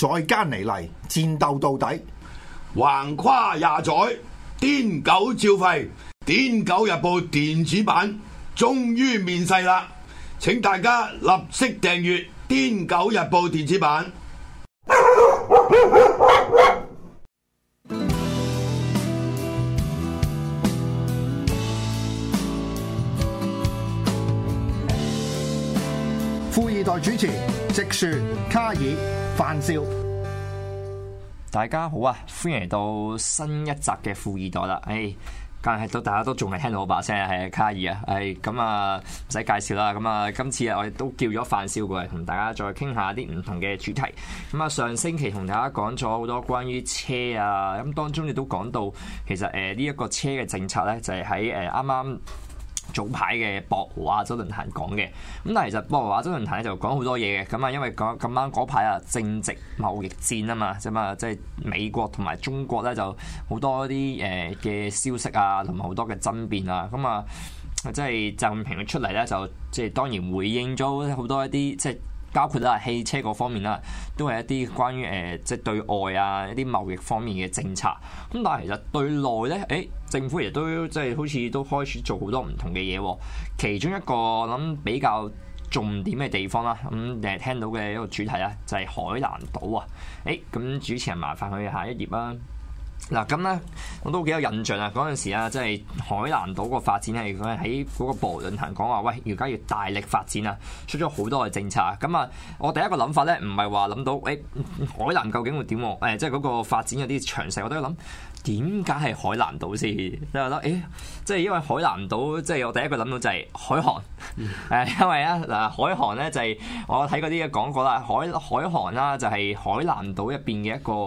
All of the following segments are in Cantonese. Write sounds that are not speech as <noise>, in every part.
再加尼嚟，戰鬥到底。橫跨廿載，癲狗照吠。癲狗日報電子版終於面世啦！請大家立即訂閱癲狗日報電子版。富二代主持，直船卡爾。范少，大家好啊！歡迎嚟到新一集嘅富二代啦！誒、哎，但係都大家都仲未聽到我把聲啊，係卡爾啊，誒咁啊唔使介紹啦，咁啊今次啊我亦都叫咗范少過嚟同大家再傾下啲唔同嘅主題。咁啊上星期同大家講咗好多關於車啊，咁當中亦都講到，其實誒呢一個車嘅政策咧就係喺誒啱啱，呃剛剛早排嘅博鰲亞洲論壇講嘅，咁但係其實博鰲亞洲論壇咧就講好多嘢嘅，咁啊因為講咁啱嗰排啊正值貿易戰啊嘛，咁啊即係美國同埋中國咧就好多啲誒嘅消息啊，同埋好多嘅爭辯啊，咁啊即係習，習近平出嚟咧就即係當然回應咗好多一啲即係。包括啦汽車嗰方面啦，都係一啲關於誒、呃、即係對外啊一啲貿易方面嘅政策。咁但係其實對內咧，誒、欸、政府亦都即係好似都開始做好多唔同嘅嘢。其中一個諗比較重點嘅地方啦，咁、嗯、誒聽到嘅一個主題咧，就係海南島啊。誒、欸、咁主持人，麻煩去下一頁啦。嗱咁咧，我都幾有印象啊！嗰陣時啊，即係海南島個發展係咁喺嗰個博鰲論壇講話，喂，而家要大力發展啊，出咗好多嘅政策。咁啊，我第一個諗法咧，唔係話諗到誒、欸、海南究竟會點喎？誒，即係嗰個發展有啲詳細，我都諗。點解係海南島先？你覺得，諗，誒，即係因為海南島，即係我第一個諗到就係海航。誒，因為啊、就是，嗱，海航咧就係我睇嗰啲講過啦，海海航啦就係海南島入邊嘅一個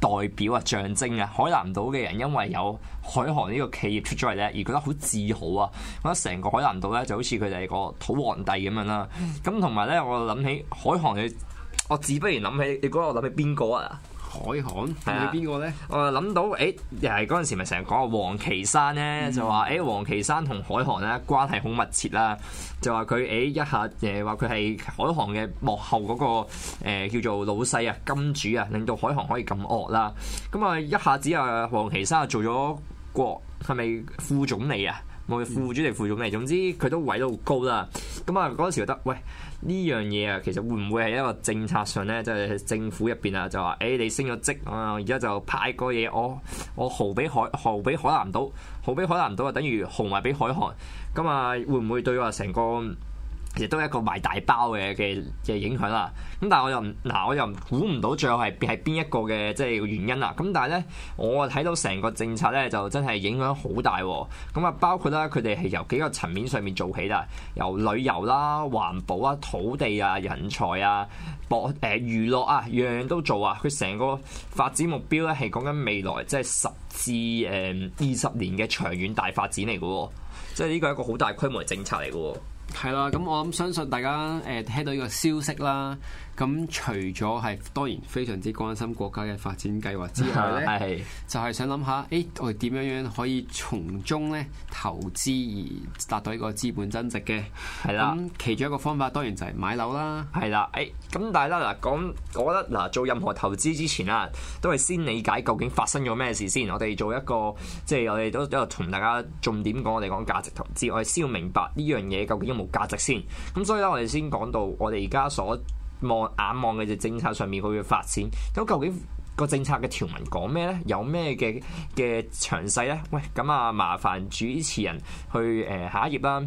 代表啊象徵啊。海南島嘅人因為有海航呢個企業出咗嚟咧，而覺得好自豪啊。我覺得成個海南島咧就好似佢哋個土皇帝咁樣啦。咁同埋咧，我諗起海航嘅，我自不然諗起你覺得我諗起邊個啊？海航定係邊個咧？是是呢，我諗到，誒又係嗰陣時咪成日講啊，王岐山咧、嗯、就話，誒王岐山同海航咧關係好密切啦，就話佢，誒、欸、一下誒話佢係海航嘅幕後嗰、那個、呃、叫做老細啊、金主啊，令到海航可以咁惡啦。咁啊，一下子啊，王岐山啊做咗國係咪副總理啊？佢副主席、副總理，總之佢都位到好高啦。咁啊嗰陣時覺得，喂呢樣嘢啊，其實會唔會係一個政策上咧，即係政府入邊啊，就話誒你升咗職啊，而家就派個嘢我，我豪俾海豪俾海南島，豪俾海南島啊，等於豪埋俾海航。咁啊會唔會對話成個？亦都係一個賣大包嘅嘅嘅影響啦，咁但係我又唔嗱我又估唔到最後係係邊一個嘅即係原因啦，咁但係咧我睇到成個政策咧就真係影響好大喎，咁啊包括啦，佢哋係由幾個層面上面做起啦，由旅遊啦、環保啊、土地啊、人才啊。博誒娛樂啊，樣樣都做啊！佢成個發展目標咧，係講緊未來即係十至誒二十年嘅長遠大發展嚟嘅喎，即係呢個係一個好大規模嘅政策嚟嘅喎。係啦、啊，咁我諗相信大家誒、呃、聽到呢個消息啦。咁、嗯、除咗係當然非常之關心國家嘅發展計劃之外咧，就係想諗下，誒我哋點樣樣可以從中咧投資而達到一個資本增值嘅係啦。咁的、嗯、其中一個方法當然就係買樓啦，係啦。誒、哎、咁，但係咧嗱，講我覺得嗱，做任何投資之前啦，都係先理解究竟發生咗咩事先。我哋做一個即係我哋都喺度同大家重點講，我哋講價值投資，我哋先要明白呢樣嘢究竟有冇價值先。咁所以咧，我哋先講到我哋而家所。望眼望嘅就政策上面佢會發展，咁究竟個政策嘅條文講咩咧？有咩嘅嘅詳細咧？喂，咁啊麻煩主持人去誒、呃、下一頁啦。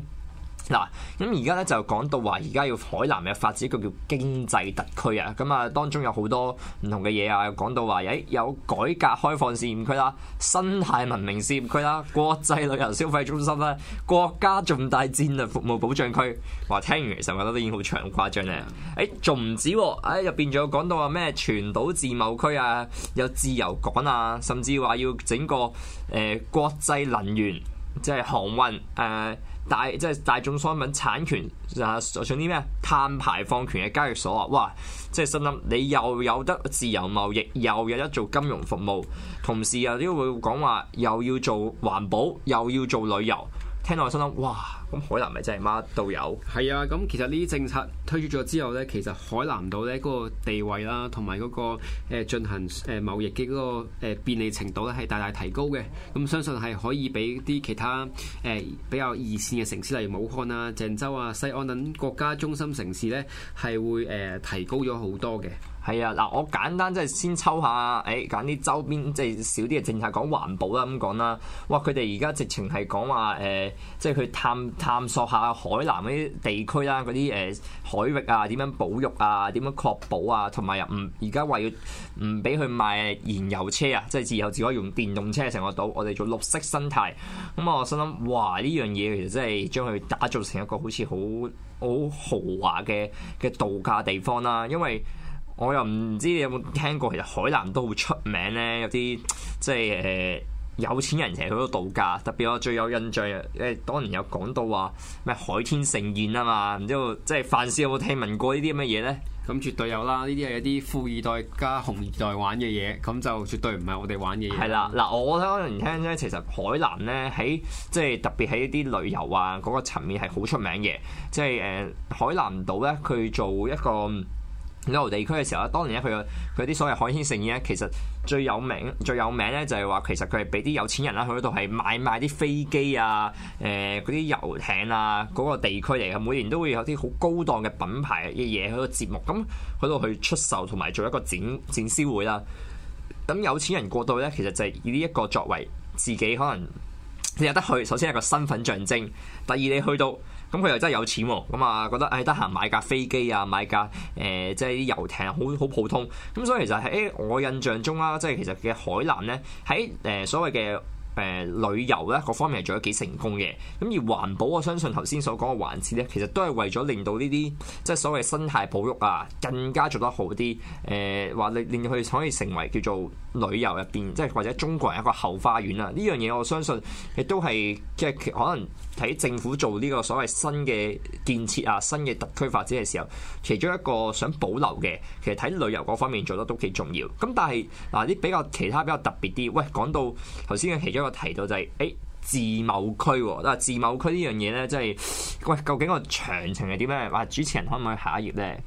嗱，咁而家咧就講到話，而家要海南嘅發展佢叫經濟特區啊，咁啊當中有好多唔同嘅嘢啊，講到話誒有改革開放試驗區啦、生態文明試驗區啦、國際旅遊消費中心啦、國家重大戰略服務保障區，話聽完其實我覺得都已經好長、好誇張咧。誒、欸，仲唔止喎、啊？誒入邊仲有講到話咩？全島自貿區啊，有自由港啊，甚至話要整個誒、呃、國際能源即係航運誒。呃大即係、就是、大眾商品產權啊，仲啲咩碳排放權嘅交易所啊，哇！即係心諗你又有得自由貿易，又有得做金融服務，同時又都會講話，又要做環保，又要做旅遊。聽落我心諗，哇！咁海南咪真係乜都有？係啊，咁其實呢啲政策推出咗之後咧，其實海南島咧嗰個地位啦，同埋嗰個誒進行誒貿易嘅嗰個便利程度咧，係大大提高嘅。咁相信係可以俾啲其他誒比較二線嘅城市，例如武漢啊、鄭州啊、西安等國家中心城市咧，係會誒提高咗好多嘅。係啊，嗱，我簡單即係先抽下，誒、哎，揀啲周邊即係少啲嘅，政策講環保啦咁講啦。哇，佢哋而家直情係講話誒，即係去探探索下海南嗰啲地區啦，嗰啲誒海域啊，點樣保育啊，點樣確保啊，同埋又唔而家話要唔俾佢賣燃油車啊，即係自由自可以用電動車成個島，我哋做綠色生態。咁我心諗哇，呢樣嘢其實真係將佢打造成一個好似好好豪華嘅嘅度假地方啦，因為。我又唔知你有冇聽過，其實海南都好出名咧。有啲即係誒、呃、有錢人成日去度度假，特別我最有印象誒，當然有講到話咩海天盛宴啊嘛，然之後即係范少有冇聽聞過呢啲咁嘅嘢咧？咁、嗯、絕對有啦，呢啲係一啲富二代加紅二代玩嘅嘢，咁就絕對唔係我哋玩嘅嘢。係啦，嗱、呃，我可能聽咧，其實海南咧喺即係特別喺啲旅遊啊嗰、那個層面係好出名嘅，即係誒、呃、海南島咧，佢做一個。旅遊地區嘅時候咧，當年咧佢，個佢啲所謂海天盛宴咧，其實最有名最有名咧就係話，其實佢係俾啲有錢人啦去度係買賣啲飛機啊，誒嗰啲遊艇啊嗰，嗰個地區嚟嘅，每年都會有啲好高檔嘅品牌嘅嘢喺度節目，咁喺度去出售同埋做一個展展銷會啦。咁有錢人過度咧，其實就係以呢一個作為自己可能你有得去，首先係個身份象徵，第二你去到。咁佢又真係有錢喎，咁啊覺得誒得閒買架飛機啊，買架誒、呃、即係啲遊艇好好普通，咁、嗯、所以其實喺、欸、我印象中啦、啊，即係其實嘅海南咧喺誒所謂嘅誒、呃呃、旅遊咧各方面係做得幾成功嘅，咁而環保我相信頭先所講嘅環節咧，其實都係為咗令到呢啲即係所謂生態保育啊更加做得好啲，誒、呃、話令令佢可以成為叫做。旅遊入邊，即係或者中國人一個後花園啦。呢樣嘢我相信亦都係即係可能喺政府做呢個所謂新嘅建設啊、新嘅特區發展嘅時候，其中一個想保留嘅，其實睇旅遊嗰方面做得都幾重要。咁但係嗱，啲比較其他比較特別啲，喂，講到頭先嘅其中一個提到就係，誒，自貿區喎，自貿區呢樣嘢咧，即係，喂，究竟個詳情係點咧？話主持人可唔可以下一頁咧？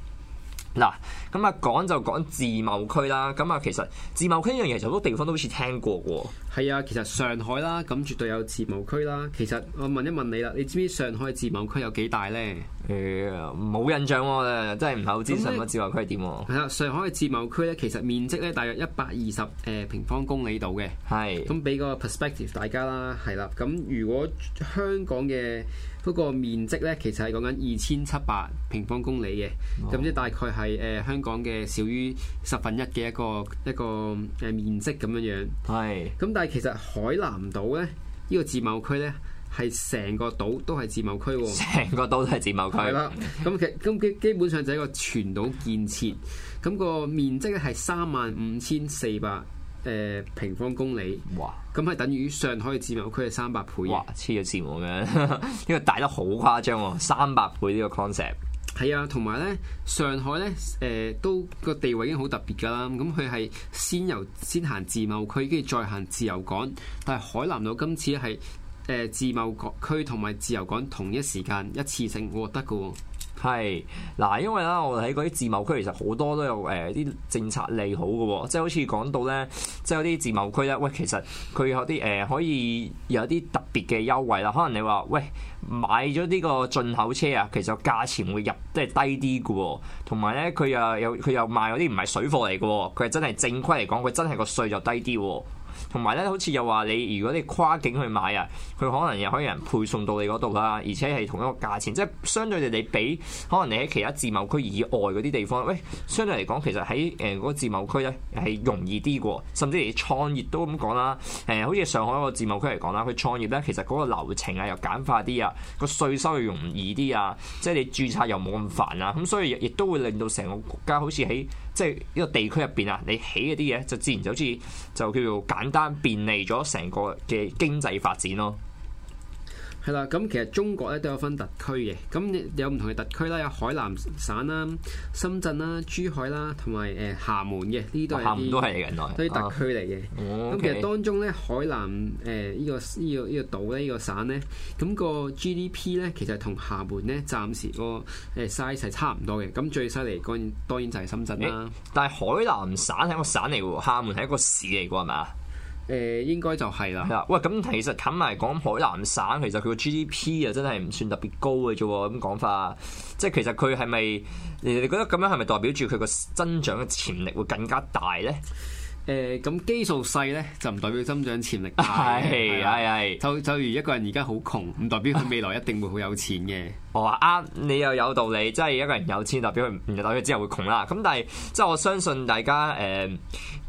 嗱。咁啊、嗯，講就講自貿區啦。咁、嗯、啊，其實自貿區呢樣嘢，好多地方都好似聽過嘅。係啊，其實上海啦，咁絕對有自貿區啦。其實我問一問你啦，你知唔知上海嘅自貿區有幾大呢？誒、欸，冇印象喎、啊，真係唔係好知上海、嗯、自貿區點、啊？係啦、啊，上海嘅自貿區呢，其實面積呢、呃，大概一百二十誒平方公里度嘅。係是。咁俾個 perspective 大家啦，係啦。咁如果香港嘅嗰個面積呢，其實係講緊二千七百平方公里嘅，咁即、哦、大概係誒、呃、香。講嘅少於十分一嘅一個一個誒面積咁樣樣，係是。咁但係其實海南島咧，呢、這個自貿區咧係成個島都係自貿區喎，成個島都係自貿區。啦的，咁其咁基基本上就係一個全島建設，咁、那個面積咧係三萬五千四百誒平方公里。哇！咁係等於上海嘅自貿區係三百倍。哇！黐咗線㗎？呢 <laughs> <laughs> 個大得好誇張喎，三百倍呢個 concept。係啊，同埋咧，上海咧，誒、呃、都個地位已經好特別㗎啦。咁佢係先由先行自貿區，跟住再行自由港，但係海南島今次係、呃、自貿區同埋自由港同一時間一次性獲得㗎喎、哦。係嗱，因為咧，我哋喺嗰啲自貿區其實好多都有誒啲、呃、政策利好嘅喎，即係好似講到咧，即係有啲自貿區咧，喂，其實佢有啲誒、呃、可以有啲特別嘅優惠啦。可能你話喂買咗呢個進口車啊，其實價錢會入即係低啲嘅喎，同埋咧佢又又佢又賣嗰啲唔係水貨嚟嘅喎，佢係真係正規嚟講，佢真係個稅就低啲喎。同埋咧，好似又話你，如果你跨境去買啊，佢可能又可以人配送到你嗰度啦，而且係同一個價錢，即係相對地你比可能你喺其他自貿區以外嗰啲地方，喂，相對嚟講其實喺誒嗰個自貿區咧係容易啲喎，甚至你創業都咁講啦。誒、呃，好似上海個自貿區嚟講啦，佢創業咧其實嗰個流程啊又簡化啲啊，個稅收又容易啲啊，即係你註冊又冇咁煩啊，咁所以亦都會令到成個國家好似喺。即係呢個地區入邊啊，你起嗰啲嘢就自然就好似就叫做簡單便利咗成個嘅經濟發展咯。係啦，咁其實中國咧都有分特區嘅，咁有唔同嘅特區啦，有海南省啦、深圳啦、珠海啦，同埋誒廈門嘅，呢啲都係啲特區嚟嘅。咁、啊啊嗯 okay、其實當中咧，海南誒呢、呃呢個呢、呢個呢、呢個島咧，呢、呢個省咧，咁、咁個 GDP 咧，其實同廈門咧，暫時個誒 size 係差唔多嘅。咁最犀利嗰，當然就係深圳啦、欸。但係海南省係個省嚟嘅喎，廈門係一個市嚟嘅喎，係咪啊？誒應該就係啦。係啦，喂，咁其實冚埋講海南省，其實佢個 GDP 啊，真係唔算特別高嘅啫。咁講法，即係其實佢係咪？你你覺得咁樣係咪代表住佢個增長嘅潛力會更加大咧？誒咁、嗯、基數細咧，就唔代表增長潛力大。係係就就如一個人而家好窮，唔代表佢未來一定會好有錢嘅、 <laughs> 哦。我話啱，你又有道理。即、就、係、是、一個人有錢，代表佢唔代表之後會窮啦。咁但係即係我相信大家誒、呃，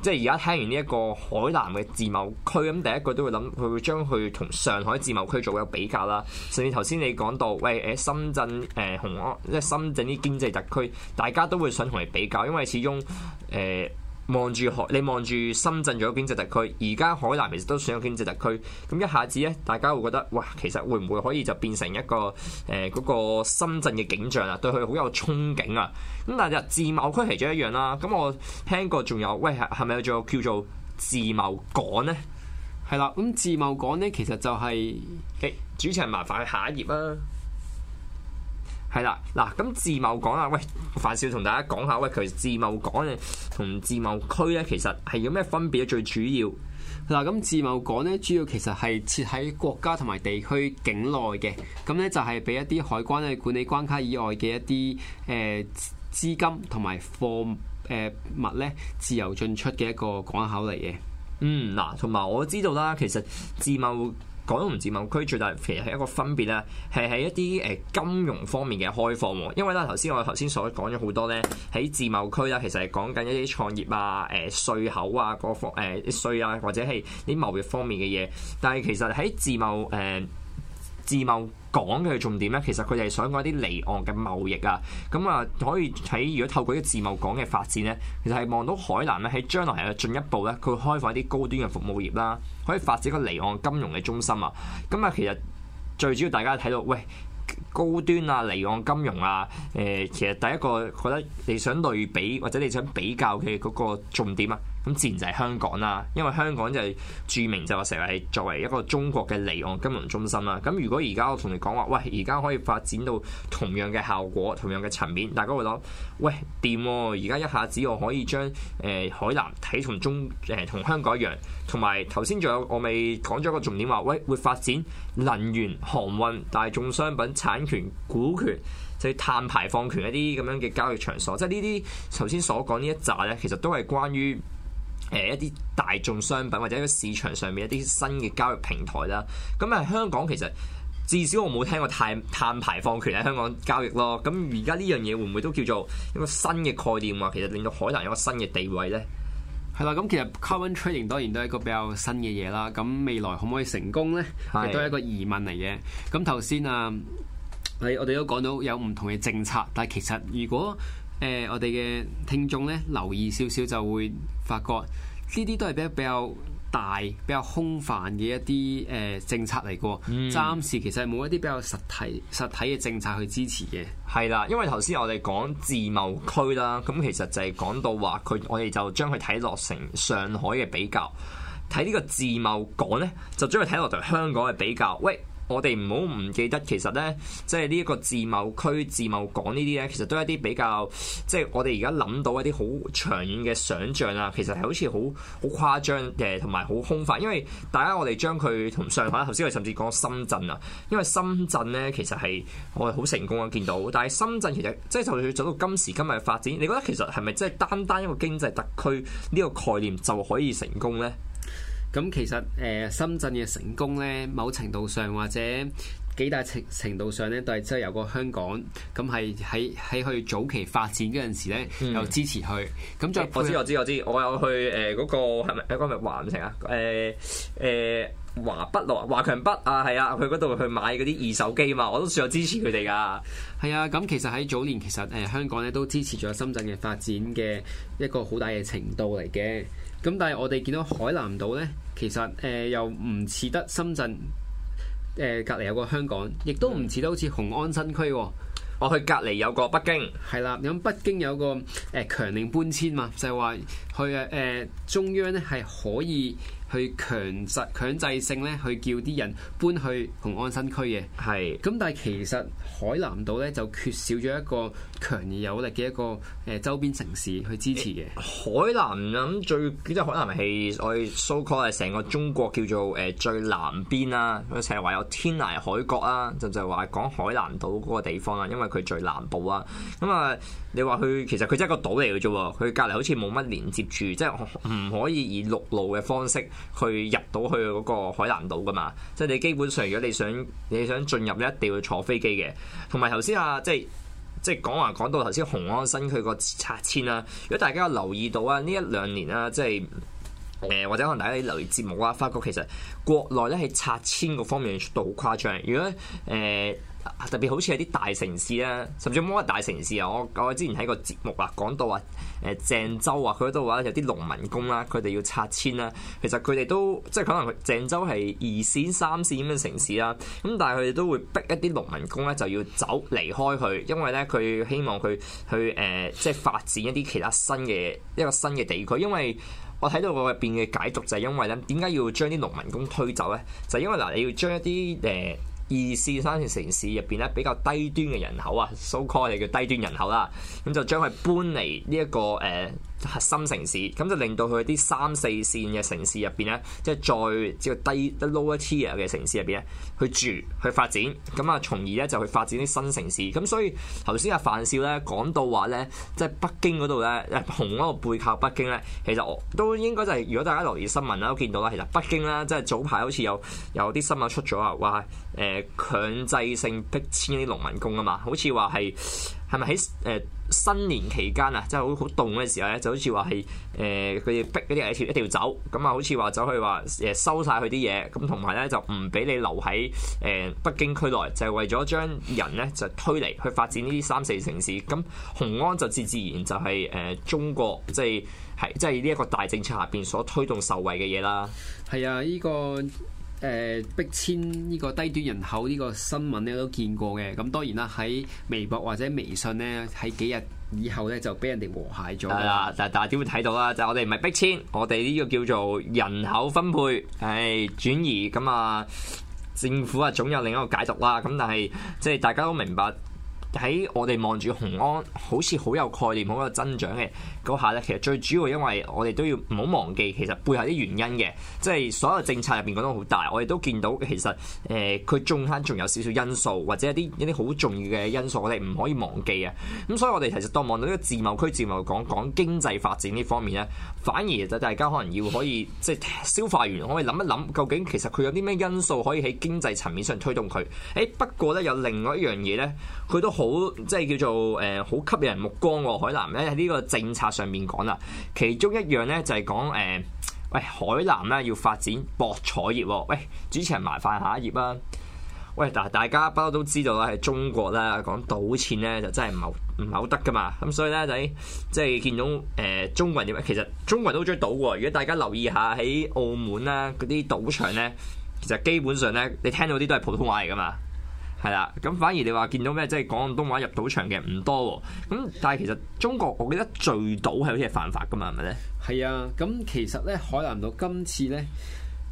即係而家聽完呢一個海南嘅自貿區，咁第一句都會諗佢會，會將佢同上海自貿區做一個比較啦。甚至頭先你講到，喂誒深圳誒紅安，即、呃、係深圳啲經濟特區，大家都會想同你比較，因為始終誒。呃呃望住海，你望住深圳仲有經濟特區，而家海南其實都算有經濟特區。咁一下子呢，大家會覺得哇，其實會唔會可以就變成一個誒嗰、呃那個深圳嘅景象啊？對佢好有憧憬啊！咁但係自貿區其中一樣啦。咁我聽過仲有，喂係咪有仲有叫做自貿港呢？係啦，咁自貿港呢，其實就係、是、誒、欸、主持人，麻煩去下一頁啦。係啦，嗱咁貿易港啊，喂，煩少同大家講下，喂，其實貿易港啊，同貿易區咧，其實係有咩分別咧？最主要，嗱咁貿易港咧，主要其實係設喺國家同埋地區境內嘅，咁咧就係俾一啲海關咧管理關卡以外嘅一啲誒、呃、資金同埋貨誒物咧自由進出嘅一個港口嚟嘅。嗯，嗱，同埋我知道啦，其實自貿易。講到唔自貿區最大其實係一個分別咧，係喺一啲誒金融方面嘅開放喎。因為咧頭先我頭先所講咗好多咧，喺自貿區啦，其實係講緊一啲創業啊、誒稅口啊各方誒稅啊，或者係啲貿易方面嘅嘢。但係其實喺自貿誒自貿。呃自貿講嘅重點咧，其實佢哋係想講一啲離岸嘅貿易啊，咁啊可以喺如果透過啲自貿港嘅發展咧，其實係望到海南咧喺將來係有進一步咧，佢開放一啲高端嘅服務業啦，可以發展一個離岸金融嘅中心啊。咁啊，其實最主要大家睇到，喂，高端啊，離岸金融啊，誒、呃，其實第一個覺得你想類比或者你想比較嘅嗰個重點啊。咁自然就係香港啦，因為香港就係著名就話成日係作為一個中國嘅離岸金融中心啦。咁如果而家我同你講話，喂，而家可以發展到同樣嘅效果、同樣嘅層面，大家會諗，喂，掂喎！而家一下子我可以將誒、呃、海南睇從中誒同、呃、香港一樣，同埋頭先仲有我未講咗一個重點話，喂，會發展能源、航運、大眾商品、產權、股權、就係碳排放權一啲咁樣嘅交易場所，即係呢啲頭先所講呢一紮咧，其實都係關於。誒一啲大眾商品或者一個市場上面一啲新嘅交易平台啦，咁啊香港其實至少我冇聽過碳碳排放權喺香港交易咯，咁而家呢樣嘢會唔會都叫做一個新嘅概念話，其實令到海南有個新嘅地位咧？係啦，咁其實 carbon trading 當然都係一個比較新嘅嘢啦，咁未來可唔可以成功咧？亦都係一個疑問嚟嘅。咁頭先啊，係我哋都講到有唔同嘅政策，但係其實如果誒、呃，我哋嘅聽眾咧，留意少少就會發覺呢啲都係比較比較大、比較空泛嘅一啲誒、呃、政策嚟嘅喎。嗯、暫時其實係冇一啲比較實體實體嘅政策去支持嘅。係啦，因為頭先我哋講自貿區啦，咁其實就係講到話佢，我哋就將佢睇落成上海嘅比較，睇呢個自貿港咧，就將佢睇落同香港嘅比較。喂！我哋唔好唔記得，其實呢，即係呢一個自貿區、自貿港呢啲呢，其實都係一啲比較，即係我哋而家諗到一啲好長遠嘅想像啦。其實係好似好好誇張嘅，同埋好空泛。因為大家我哋將佢同上海頭先，我甚至講深圳啊。因為深圳呢，其實係我哋好成功啊，見到。但係深圳其實即係就要做到今時今日嘅發展，你覺得其實係咪即係單單一個經濟特區呢個概念就可以成功呢？咁其實誒深圳嘅成功咧，某程度上或者幾大程程度上咧，都係真係有個香港咁係喺喺佢早期發展嗰陣時咧，有支持佢。咁再、嗯、我知我知我知，我有去誒、那、嗰個係咪嗰個係華南城啊？誒、呃、誒、呃、華北路華強北啊，係啊，去嗰度去買嗰啲二手機嘛，我都算有支持佢哋噶。係啊，咁其實喺早年其實誒香港咧都支持咗深圳嘅發展嘅一個好大嘅程度嚟嘅。咁、嗯、但係我哋見到海南島呢，其實誒、呃、又唔似得深圳，誒隔離有個香港，亦都唔似得好似雄安新區、哦。我去隔離有個北京，係、嗯、啦，咁、嗯、北京有個誒、呃、強令搬遷嘛，就係話佢誒中央呢係可以。去強制強制性咧，去叫啲人搬去雄安新區嘅，係是。咁但係其實海南島咧就缺少咗一個強而有力嘅一個誒周邊城市去支持嘅、欸。海南咁、嗯、最即係海南係我哋 so called 係成個中國叫做誒、呃、最南邊啦。佢成日話有天涯海角啊，就就話講海南島嗰個地方啦，因為佢最南部啊。咁、嗯、啊～、嗯你話佢其實佢真係一個島嚟嘅啫喎，佢隔離好似冇乜連接住，即係唔可以以陸路嘅方式去入到去嗰個海南島㗎嘛？即係你基本上，如果你想你想進入咧，一定要坐飛機嘅。同埋頭先啊，即係即係講話講到頭先，雄安新區個拆遷啊。如果大家有留意到啊，呢一兩年啊，即係誒、呃、或者可能大家留意節目啊，發覺其實國內咧係拆遷個方面出到好誇張。如果誒。呃特別好似係啲大城市啦，甚至乎冇大城市啊。我我之前睇個節目啊，講到話，誒鄭州啊，佢嗰度話有啲農民工啦，佢哋要拆遷啦。其實佢哋都即係可能鄭州係二線、三線咁嘅城市啦。咁但係佢哋都會逼一啲農民工咧就要走離開佢，因為咧佢希望佢去誒、呃、即係發展一啲其他新嘅一個新嘅地區。因為我睇到我入邊嘅解讀就係因為咧，點解要將啲農民工推走咧？就係、因為嗱，你要將一啲誒。呃二、三線城市入邊咧，比較低端嘅人口啊，so called 叫低端人口啦，咁就將佢搬嚟呢一個誒。呃核心城市，咁就令到佢啲三四線嘅城市入邊咧，即係再即係低、the lower 嘅城市入邊咧，去住、去發展，咁啊，從而咧就去發展啲新城市。咁所以頭先阿范少咧講到話咧，即係北京嗰度咧，誒雄嗰個背靠北京咧，其實我都應該就係、是，如果大家留意新聞啦，都見到啦，其實北京咧，即係早排好似有有啲新聞出咗啊，話誒、呃、強制性逼遷啲農民工啊嘛，好似話係。係咪喺誒新年期間啊，即係好好凍嘅時候咧，就好似話係誒佢哋逼嗰啲人一條一條走咁啊、嗯，好似話走去話誒收晒佢啲嘢，咁同埋咧就唔俾你留喺誒、呃、北京區內，就係、是、為咗將人咧就推嚟去發展呢啲三四城市，咁、嗯、雄安就自自然就係、是、誒、呃、中國即係係即係呢一個大政策下邊所推動受惠嘅嘢啦。係啊，呢、這個。誒逼、呃、遷呢個低端人口呢個新聞咧都見過嘅，咁當然啦喺微博或者微信咧，喺幾日以後咧就俾人哋和諧咗啦。但係大家都會睇到啦，就係、我哋唔係逼遷，我哋呢個叫做人口分配係、哎、轉移，咁啊政府啊總有另一個解讀啦。咁但係即係大家都明白，喺我哋望住雄安好似好有概念，好有增長嘅。嗰下咧，其實最主要因為我哋都要唔好忘記，其實背後啲原因嘅，即係所有政策入邊講得好大，我哋都見到其實誒佢中間仲有少少因素，或者一啲一啲好重要嘅因素，我哋唔可以忘記啊！咁所以我哋其實當望到呢個自貿區自貿港講經濟發展呢方面咧，反而就大家可能要可以即係消化完，可以諗一諗究竟其實佢有啲咩因素可以喺經濟層面上推動佢？誒、欸、不過咧有另外一樣嘢咧，佢都好即係叫做誒好、呃、吸引人目光喎、哦，海南咧喺呢個政策。上面講啦，其中一樣咧就係、是、講誒，喂、欸、海南咧要發展博彩業。喂、欸，主持人麻煩下一頁啦、啊。喂、欸，但係大家不嬲都知道啦，喺中國啦，講賭錢咧就真係唔係唔係好得噶嘛。咁所以咧就即係見到誒、欸、中國人，其實中國人都好中意賭。如果大家留意下喺澳門啦嗰啲賭場咧，其實基本上咧你聽到啲都係普通話嚟噶嘛。係啦，咁反而你話見到咩？即係廣東話入賭場嘅唔多喎。咁但係其實中國，我記得聚賭係好似係犯法㗎嘛，係咪咧？係啊，咁其實咧海南島今次咧，誒、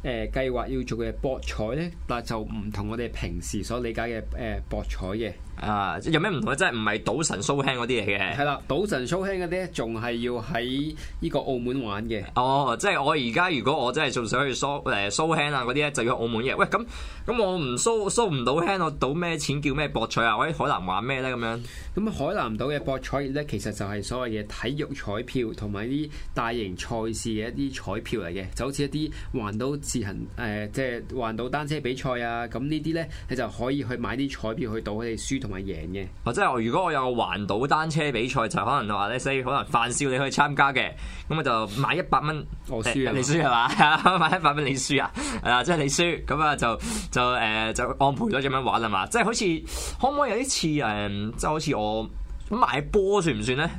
呃、計劃要做嘅博彩咧，但就唔同我哋平時所理解嘅誒、呃、博彩嘅。啊！Uh, 有咩唔同咧？即係唔係賭神 show hand 嗰啲嚟嘅？係啦，賭神 show hand 嗰啲仲係要喺呢個澳門玩嘅。哦，即係我而家如果我真係仲想去 show 誒 show hand 啊嗰啲咧，就要去澳門嘅。喂，咁咁我唔 show show 唔到 hand，我賭咩錢叫咩博彩啊？我喺海南玩咩咧咁樣？咁海南島嘅博彩業咧，其實就係所謂嘅體育彩票同埋啲大型賽事嘅一啲彩票嚟嘅，就好似一啲環島自行誒，即係環島單車比賽啊。咁呢啲咧，你就可以去買啲彩票去賭佢哋輸，同埋贏嘅，或者我如果我有個環島單車比賽，就可能話 let's say 可能范少你去參加嘅，咁我就買一百蚊，我輸啊，你輸啊，係啊，買一百蚊你輸啊，係啊，即係你輸，咁啊就就誒就按賠咗咁樣玩啊嘛，即係好似可唔可以有啲似誒，即係好似我買波算唔算咧？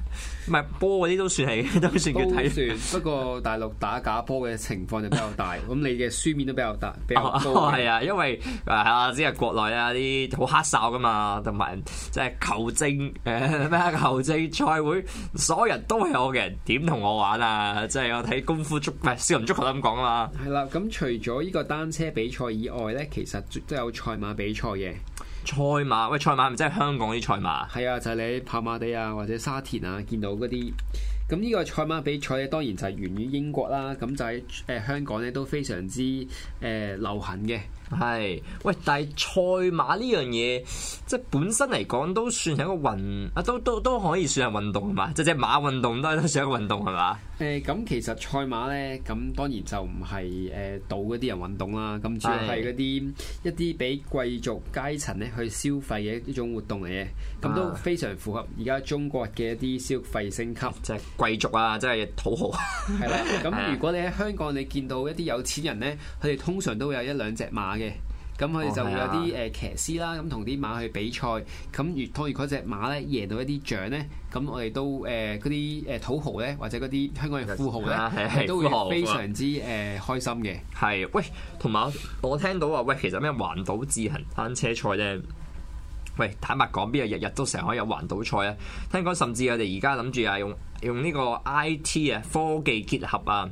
唔係波嗰啲都算係，都算叫睇算。不過 <laughs> 大陸打假波嘅情況就比較大，咁 <laughs> 你嘅書面都比較大，比較多。係啊，啊，啊，因為啊，即係國內啊啲好黑哨噶嘛，同埋即係球證，誒咩球證賽會，所有人都係我嘅人，點同我玩啊？即係我睇功夫足，唔係少林足球都咁講啊嘛。係啦，啊，咁，嗯，除咗呢個單車比賽以外咧，其實都有賽馬比賽嘅。賽馬，喂，賽馬唔即係香港啲賽馬，係啊，就係你跑馬地啊，或者沙田啊，見到嗰啲。咁呢個賽馬比賽咧，當然就係源於英國啦。咁就喺、是、誒、呃、香港咧都非常之誒、呃、流行嘅。係，喂，但係賽馬呢樣嘢，即係本身嚟講都算係一個運，啊都都都可以算係運動係嘛？即係馬運動都算一個運動係嘛？誒、呃，咁其實賽馬咧，咁當然就唔係誒賭嗰啲人運動啦。咁主要係嗰啲一啲俾貴族階層咧去消費嘅一種活動嚟嘅。咁都非常符合而家中國嘅一啲消費升級。貴族啊，即係土豪， <laughs> 係咯。咁如果你喺香港，你見到一啲有錢人咧，佢哋通常都會有一兩隻馬嘅，咁佢哋就會有啲誒騎師啦，咁同啲馬去比賽。咁如倘如果一隻馬咧贏到一啲獎咧，咁我哋都誒嗰啲誒土豪咧，或者嗰啲香港人富豪咧，都會非常之誒豪、呃、開心嘅。係，喂，同埋我我聽到話喂，其實咩環島自行單車賽咧？喂，坦白講，邊有日日都成日可以有環島賽啊？聽講甚至我哋而家諗住啊，用用呢個 I T 啊，科技結合啊，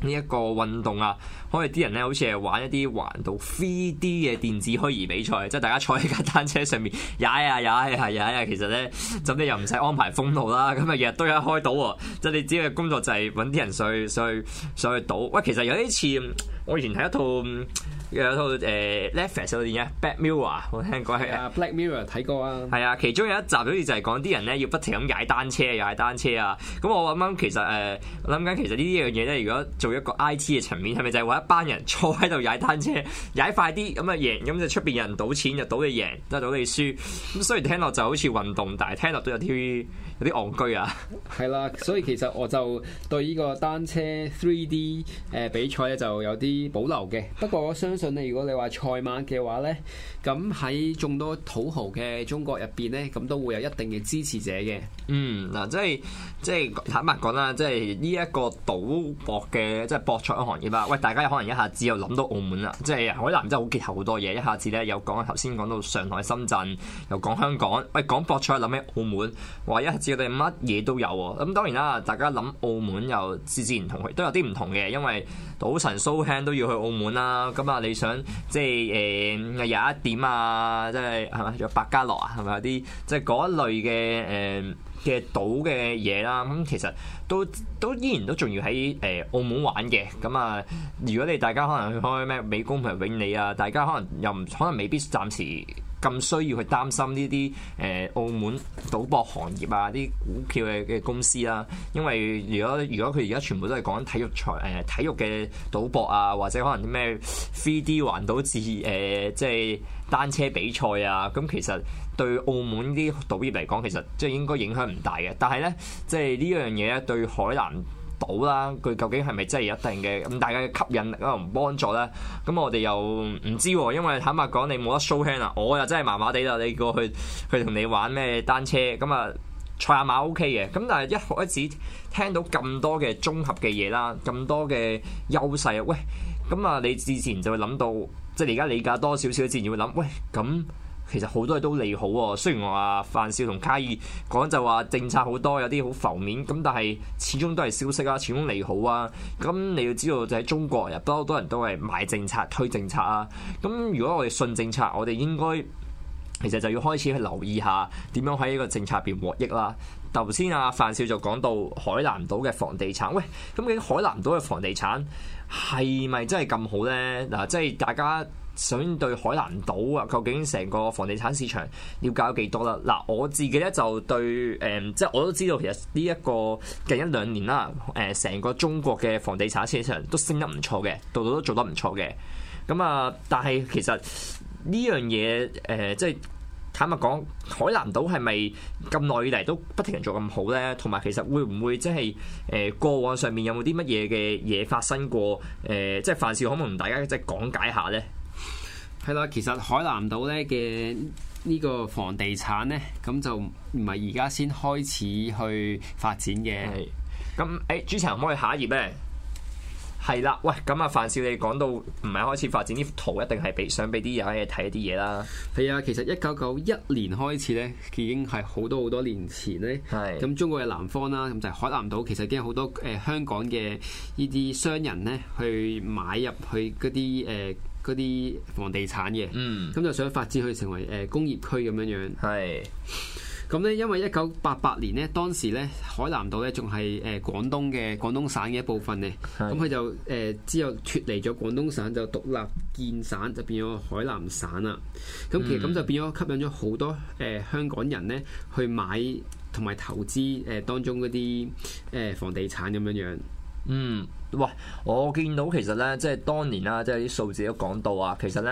呢一個運動啊，可以啲人咧，好似係玩一啲環島 3D 嘅電子虛擬比賽，即係大家坐喺架單車上面踩啊踩啊踩啊，其實咧，咁你又唔使安排風路啦，咁啊日日都有開到，即係你只要工作就係揾啲人上去上去上去去賭。喂，其實有啲似。我以前睇一套有一套誒 Netflix 嘅電影《Black Mirror》，我聽過係。啊是，《Black Mirror》睇過啊。係啊，其中有一集好似就係講啲人咧，要不停咁踩單車踩單車啊。咁我啱啱其實誒諗緊，其實呢樣嘢咧，如果做一個 I T 嘅層面，係咪就係話一班人坐喺度踩單車，踩快啲咁啊贏，咁就出邊有人賭錢，就賭你贏都係賭你輸，咁雖然聽落就好似運動，但係聽落都有啲有啲戇居啊。係啦，所以其實我就對呢個單車 three D 誒、呃、比賽咧就有啲。保留嘅，不過我相信咧，如果你話賽馬嘅話咧，咁喺眾多土豪嘅中國入邊咧，咁都會有一定嘅支持者嘅。嗯，嗱，即係即係坦白講啦，即係呢一個賭博嘅，即係博彩行業啦。喂，大家可能一下子又諗到澳門啦，即係海南真係好結合好多嘢。一下子咧又講頭先講到上海、深圳，又講香港，喂，講博彩諗起澳門，話一下子我哋乜嘢都有喎。咁當然啦，大家諗澳門又自然同佢都有啲唔同嘅，因為賭神蘇、so 都要去澳門啦，咁、嗯、啊你想即係誒廿一點啊，即係係咪，有百家樂啊，係咪有啲即係嗰類嘅誒嘅賭嘅嘢啦。咁、嗯、其實都都依然都仲要喺誒、呃、澳門玩嘅。咁、嗯、啊，如果你大家可能去開咩美高梅永利啊，大家可能又唔，可能未必暫時。咁需要去擔心呢啲誒澳門賭博行業啊，啲股票嘅嘅公司啦、啊，因為如果如果佢而家全部都係講體育賽誒、呃、體育嘅賭博啊，或者可能啲咩 3D 環島節誒、呃，即係單車比賽啊，咁、嗯、其實對澳門啲賭業嚟講其實即係應該影響唔大嘅，但係咧即係呢樣嘢咧對海南，到啦，佢究竟係咪真係有一定嘅咁大家嘅吸引力啊？唔幫助咧，咁我哋又唔知喎，因為坦白講你冇得 show hand 啊，我又真係麻麻地啦。你過去去同你玩咩單車，咁啊賽下馬 OK 嘅，咁但係一開始聽到咁多嘅綜合嘅嘢啦，咁多嘅優勢啊，喂，咁啊你之前就會諗到，即係你而家理解多少少自然會諗，喂咁。其實好多嘢都利好喎、哦，雖然話、啊、范少同卡爾講就話政策好多有啲好浮面咁，但係始終都係消息啦、啊，始終利好啊！咁、嗯、你要知道就喺中國入邊好多人都係買政策推政策啊！咁、嗯、如果我哋信政策，我哋應該其實就要開始去留意下點樣喺呢個政策入邊獲益啦。頭先啊范少就講到海南島嘅房地產，喂，咁、嗯、究竟海南島嘅房地產係咪真係咁好呢？嗱、啊，即係大家，想對海南島啊，究竟成個房地產市場了解有幾多啦？嗱，我自己咧就對誒、呃，即係我都知道其實呢一個近一兩年啦，誒、呃、成個中國嘅房地產市場都升得唔錯嘅，度度都做得唔錯嘅。咁、嗯、啊，但係其實呢樣嘢誒，即係坦白講，海南島係咪咁耐以嚟都不停人做咁好咧？同埋其實會唔會即係誒過往上面有冇啲乜嘢嘅嘢發生過？誒、呃，即係凡事可唔可以同大家即係講解下咧？係啦，其實海南島咧嘅呢個房地產咧，咁就唔係而家先開始去發展嘅。係，咁誒，主持可唔可以下一頁咧？係啦，喂，咁啊，范少你講到唔係開始發展呢幅圖，一定係俾想俾啲人去睇一啲嘢啦。係啊，其實一九九一年開始咧，已經係好多好多年前咧。係，咁中國嘅南方啦，咁就係海南島，其實已經好多誒、呃、香港嘅呢啲商人咧去買入去嗰啲誒。呃嗰啲房地產嘅，咁、嗯、就想發展佢成為誒工業區咁樣樣。係是，咁咧因為一九八八年咧，當時咧海南島咧仲係誒廣東嘅廣東省嘅一部分咧，咁佢是就誒、呃、之後脫離咗廣東省，就獨立建省，就變咗海南省啦。咁其實咁就變咗吸引咗好多誒、呃、香港人咧去買同埋投資誒當中嗰啲誒房地產咁樣樣。嗯，喂，我見到其實咧，即係當年啦，即係啲數字都講到啊，其實咧，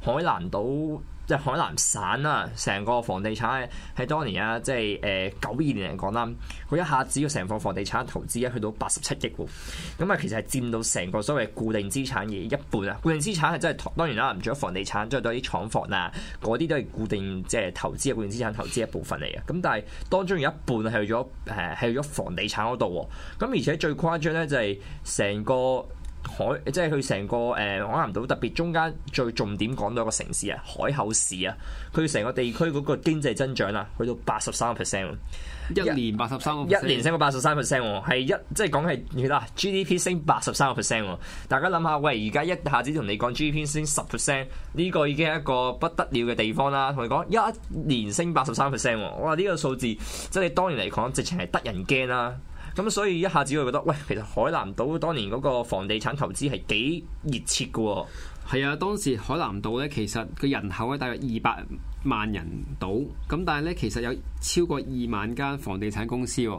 海南島。即海南省啊，成個房地產喺當年啊，即係誒九二年嚟講啦，佢一下子要成個房地產投資啊，去到八十七億喎。咁、嗯、啊，其實係佔到成個所謂固定資產嘅一半啊。固定資產係真係當然啦，唔除咗房地產，再對啲廠房啊，嗰啲都係固定即係、就是、投資嘅固定資產投資一部分嚟嘅。咁、嗯、但係當中有一半係去咗誒係去咗房地產嗰度。咁、嗯、而且最誇張咧就係成個。海即係佢成個誒海南島，呃、特別中間最重點講到一個城市啊，海口市啊，佢成個地區嗰個經濟增長啊，去到八十三個 percent，一年八十三，一年升過八十三 percent，係一即係講係嗱 GDP 升八十三個 percent，大家諗下，喂而家一下子同你講 GDP 升十 percent，呢個已經係一個不得了嘅地方啦。同你講一年升八十三 percent，哇呢個數字即係當年嚟講，直情係得人驚啦。咁所以一下子會覺得，喂，其實海南島當年嗰個房地產投資係幾熱切嘅喎。係啊，當時海南島咧，其實個人口咧大約二百萬人到，咁但係咧，其實有超過二萬間房地產公司，咁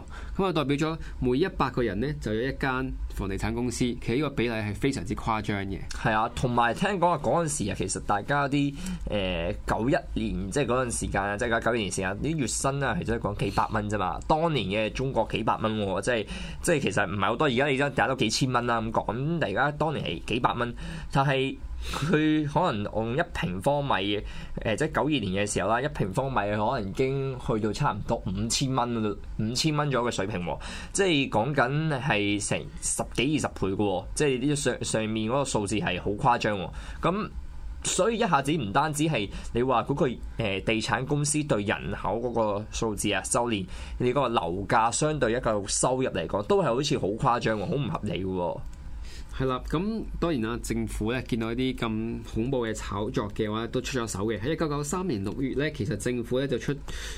啊代表咗每一百個人咧就有一間。房地產公司，其實呢個比例係非常之誇張嘅。係啊，同埋聽講話嗰陣時啊，其實大家啲誒九一年即係嗰陣時間，即係九一年時間啲月薪啊，係真係講幾百蚊啫嘛。當年嘅中國幾百蚊喎，即係即係其實唔係好多。而家而家大家都幾千蚊啦咁講，咁但係而家當年係幾百蚊，但係。佢可能按一平方米嘅、呃，即係九二年嘅時候啦，一平方米可能已經去到差唔多五千蚊啦，五千蚊左右嘅水平喎、哦，即係講緊係成十幾二十倍嘅喎、哦，即係啲上上面嗰個數字係好誇張喎，咁、哦、所以一下子唔單止係你話嗰、那個、呃、地產公司對人口嗰個數字啊，就連你個樓價相對一個收入嚟講，都係好似好誇張，好唔合理嘅喎。哦。係啦，咁當然啦，政府咧見到一啲咁恐怖嘅炒作嘅話，都出咗手嘅。喺一九九三年六月咧，其實政府咧就出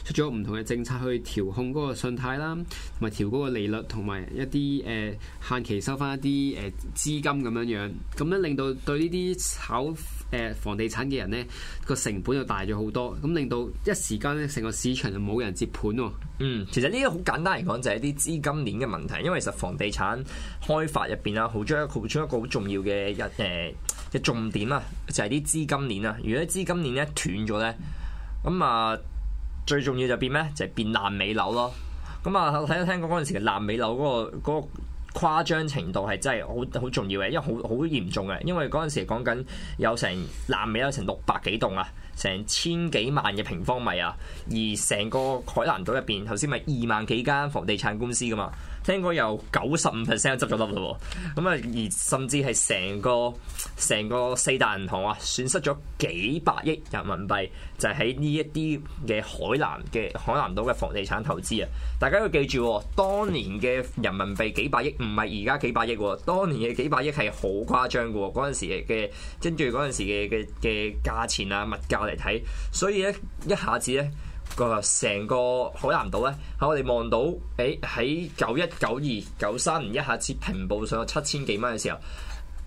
出咗唔同嘅政策去調控嗰個信貸啦，同埋調高個利率，同埋一啲誒、呃、限期收翻一啲誒、呃、資金咁樣樣，咁咧令到對呢啲炒誒房地產嘅人咧個成本就大咗好多，咁令到一時間咧成個市場就冇人接盤喎、哦。嗯，其實呢個好簡單嚟講，就係啲資金鏈嘅問題，因為其實房地產開發入邊啊，好重好重一個好重要嘅一誒嘅重點啊，就係啲資金鏈啊。如果資金鏈咧斷咗咧，咁啊最重要就變咩？就係、變爛尾樓咯。咁啊，睇到聽講嗰陣時嘅爛尾樓嗰、嗰個、嗰個誇張程度係真係好好重要嘅，因為好好嚴重嘅，因為嗰陣時講緊有成南美有成六百幾棟啊，成千幾萬嘅平方米啊，而成個海南島入邊，頭先咪二萬幾間房地產公司㗎嘛。聽講由九十五 percent 執咗笠咯，咁啊而甚至係成個成個四大銀行啊，損失咗幾百億人民幣，就係喺呢一啲嘅海南嘅海南島嘅房地產投資啊！大家要記住，當年嘅人民幣幾百億，唔係而家幾百億，當年嘅幾百億係好誇張嘅喎，嗰陣時嘅跟住嗰陣時嘅嘅嘅價錢啊，物價嚟睇，所以咧一下子咧。個成個海南島咧，喺我哋望到，誒喺九一、九二、九三年一下子平步上咗七千幾蚊嘅時候，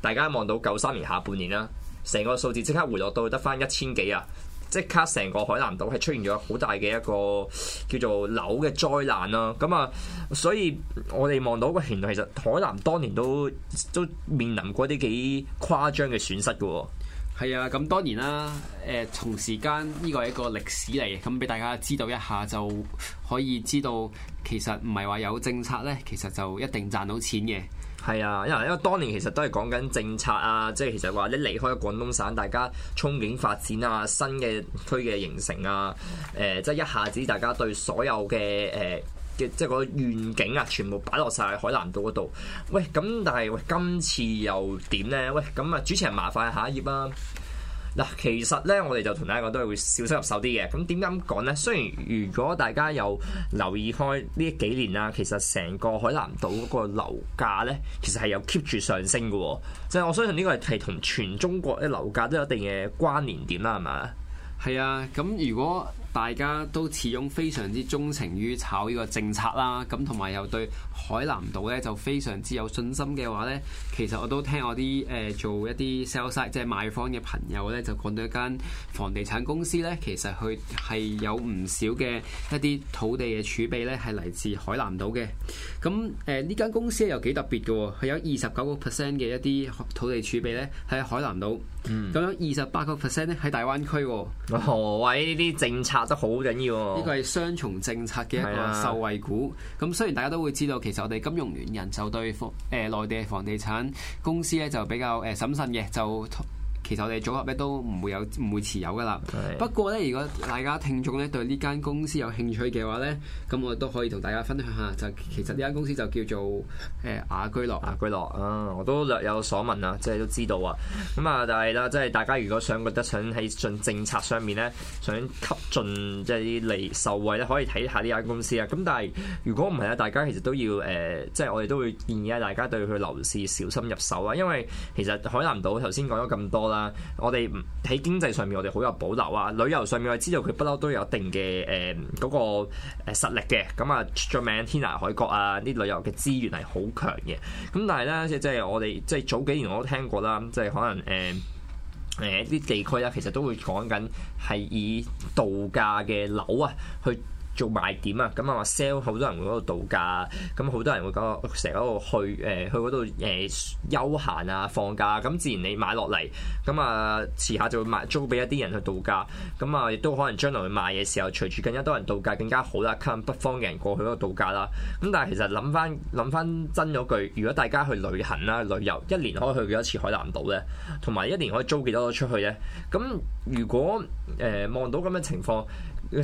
大家望到九三年下半年啦，成個數字即刻回落到得翻一千幾啊！即刻成個海南島係出現咗好大嘅一個叫做樓嘅災難啦。咁啊，所以我哋望到個前度，其實海南當年都都面臨過啲幾誇張嘅損失嘅。係啊，咁當然啦。誒、呃，同時間呢個係一個歷史嚟，咁俾大家知道一下就可以知道，其實唔係話有政策咧，其實就一定賺到錢嘅。係啊，因為因為當年其實都係講緊政策啊，即係其實話你離開廣東省，大家憧憬發展啊，新嘅區嘅形成啊，誒、呃，即、就、係、是、一下子大家對所有嘅誒。呃即係個願景啊，全部擺落晒海南島嗰度。喂，咁但係喂今次又點咧？喂，咁啊主持人麻煩喺下一頁啦。嗱，其實咧，我哋就同大家講都係會小心入手啲嘅。咁點解咁講咧？雖然如果大家有留意開呢幾年啦，其實成個海南島嗰個樓價咧，其實係有 keep 住上升嘅哦。就我相信呢個係同全中國嘅樓價都有一定嘅關聯點啦，係嘛？係啊，咁如果。大家都始終非常之鍾情於炒呢個政策啦，咁同埋又對海南島咧就非常之有信心嘅話咧，其實我都聽我啲誒做一啲 sales 即係賣方嘅朋友咧，就講到一間房地產公司咧，其實佢係有唔少嘅一啲土地嘅儲備咧，係嚟自海南島嘅。咁誒呢間公司又幾特別嘅，哦，佢有二十九個 percent 嘅一啲土地儲備咧喺海南島。嗯，咁樣二十八個 percent 咧喺大灣區喎，何為呢啲政策都好緊要？呢個係雙重政策嘅一個受惠股。咁是的 雖然大家都會知道，其實我哋金融聯人就對房誒內地嘅房地產公司咧就比較誒審慎嘅，就。其實我哋組合咧都唔會有唔會持有噶啦。是不過咧，如果大家聽眾咧對呢間公司有興趣嘅話咧，咁我都可以同大家分享下，就其實呢間公司就叫做誒、呃、雅居樂。雅居樂啊，我都略有所聞啊，即係都知道啊。咁、嗯、啊，但係咧，即係大家如果想覺得想喺進政策上面咧，想吸盡即係啲利受惠咧，可以睇下呢間公司啊。咁但係如果唔係咧，大家其實都要誒、呃，即係我哋都會建議大家對佢樓市小心入手啊。因為其實海南島頭先講咗咁多啦。啊！我哋喺經濟上面，我哋好有保留啊。旅遊上面，我知道佢不嬲都有一定嘅誒嗰個誒實力嘅。咁啊，出咗名天涯海角啊，啲旅遊嘅資源係好強嘅。咁但係咧，即係我哋即係早幾年我都聽過啦，即係可能誒誒啲地區啦，其實都會講緊係以度假嘅樓啊去，做賣點啊，咁啊話 sell 好多人會喺嗰度度假，咁好多人會嗰個成日喺度去誒去嗰度誒休閒啊放假，咁自然你買落嚟，咁啊遲下就會賣租俾一啲人去度假，咁啊亦都可能將來賣嘢時候，隨住更加多人度假，更加好啦吸引北方嘅人過去嗰度度假啦。咁但係其實諗翻諗翻真咗句，如果大家去旅行啦旅遊，一年可以去幾多次海南島咧？同埋一年可以租幾多出去咧？咁如果誒望、呃、到咁嘅情況。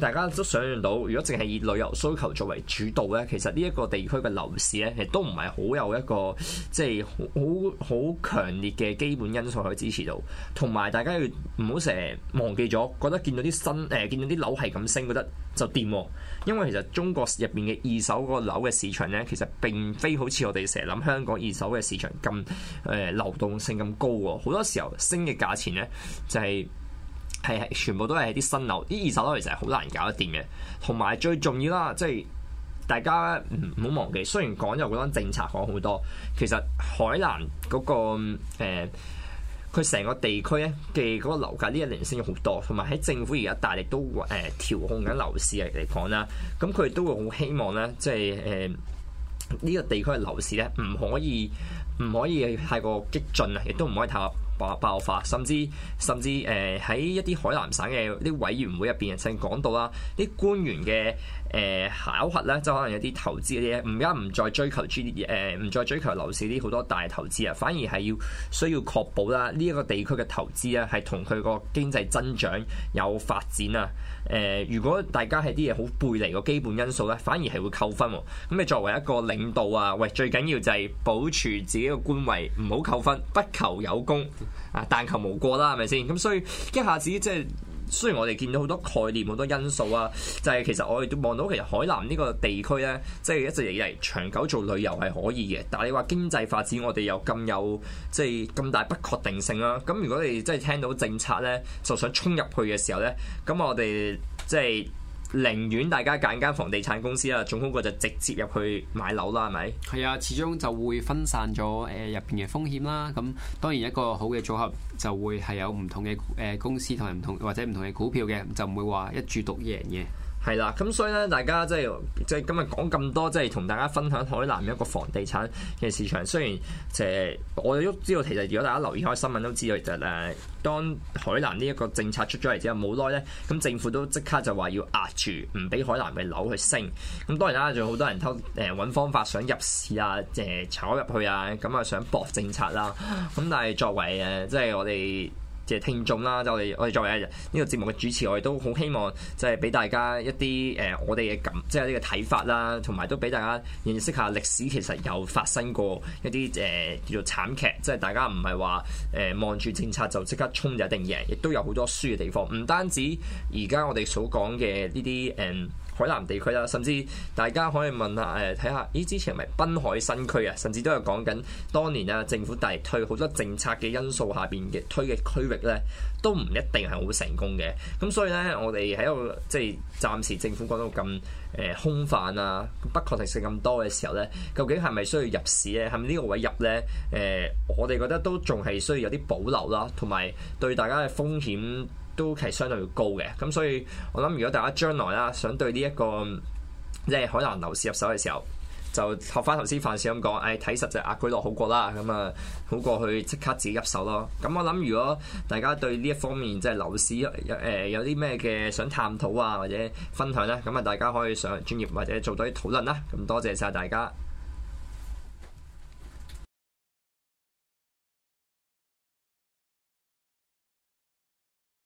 大家都想像到，如果淨係以旅遊需求作為主導咧，其實呢一個地區嘅樓市咧，其實都唔係好有一個即係好好強烈嘅基本因素去支持到。同埋大家要唔好成日忘記咗，覺得見到啲新誒、呃、見到啲樓係咁升，覺得就掂喎、啊。因為其實中國入邊嘅二手個樓嘅市場咧，其實並非好似我哋成日諗香港二手嘅市場咁誒、呃、流動性咁高喎、啊。好多時候升嘅價錢咧就係、是。係全部都係啲新樓，啲二手樓其實係好難搞得掂嘅。同埋最重要啦，即係大家唔好忘記，雖然講咗好多政策講好多，其實海南嗰、個誒佢成、呃、個地區咧嘅嗰個樓價呢一年升咗好多，同埋喺政府而家大力都誒調、呃、控緊樓市嚟講啦，咁佢都會好希望咧，即係誒呢個地區嘅樓市咧唔可以唔可以太過激進啊，亦都唔可以太爆爆發，甚至甚至誒喺、呃、一啲海南省嘅啲委員會入邊邊，曾講到啦，啲官員嘅。誒、嗯、考核咧，即可能有啲投資嗰啲咧，唔而家唔再追求專誒、呃，唔再追求樓市啲好多大投資啊，反而係要需要確保啦，呢一個地區嘅投資啊，係同佢個經濟增長有發展啊。誒、呃，如果大家係啲嘢好背離個基本因素咧，反而係會扣分喎。咁你作為一個領導啊，喂，最緊要就係保持自己個官位，唔好扣分，不求有功啊，但求無過啦，係咪先？咁所以一下子即係。雖然我哋見到好多概念、好多因素啊，就係其實我哋都望到其實海南呢個地區咧，即係一直以嚟長久做旅遊係可以嘅。但係你話經濟發展，我哋又咁有即係咁大不確定性啦。咁如果你即係聽到政策咧，就想衝入去嘅時候咧，咁我哋即係。寧願大家揀間房地產公司啦，總好過就直接入去買樓啦，係咪？係啊，始終就會分散咗誒入邊嘅風險啦。咁當然一個好嘅組合就會係有唔同嘅誒公司同埋唔同或者唔同嘅股票嘅，就唔會話一注獨贏嘅。係啦，咁所以咧，大家即係即係今日講咁多，即係同大家分享海南一個房地產嘅市場。雖然誒、呃，我哋都知道，其實如果大家留意開新聞都知道，就誒、是、當海南呢一個政策出咗嚟之後，冇耐咧，咁政府都即刻就話要壓住，唔俾海南嘅樓去升。咁當然啦，仲有好多人偷誒揾、呃、方法想入市啊，誒、呃、炒入去啊，咁、呃、啊想博政策啦、啊。咁但係作為誒、呃，即係我哋。即係聽眾啦，就我哋我哋作為呢個節目嘅主持，我哋都好希望即係俾大家一啲誒、呃、我哋嘅感，即係呢個睇法啦，同埋都俾大家認識下歷史其實有發生過一啲誒、呃、叫做慘劇，即係大家唔係話誒望住政策就即刻衝就一定贏，亦都有好多輸嘅地方，唔單止而家我哋所講嘅呢啲誒。呃海南地區啦，甚至大家可以問下誒，睇下咦，之前係咪濱海新區啊，甚至都有講緊當年啊政府大推好多政策嘅因素下邊嘅推嘅區域咧，都唔一定係好成功嘅。咁所以咧，我哋喺度，即係暫時政府講到咁誒空泛啊、不確定性咁多嘅時候咧，究竟係咪需要入市咧？係咪呢個位入咧？誒、呃，我哋覺得都仲係需要有啲保留啦，同埋對大家嘅風險。都係相對要高嘅，咁所以我諗，如果大家將來啦，想對、這個、呢一個即係海南樓市入手嘅時候，就學翻頭先范少咁講，誒、哎、睇實際價居落好過啦，咁啊好過去即刻自己入手咯。咁我諗，如果大家對呢一方面即係樓市有誒、呃、有啲咩嘅想探討啊，或者分享咧、啊，咁啊大家可以上專業或者做多啲討論啦。咁多謝晒大家。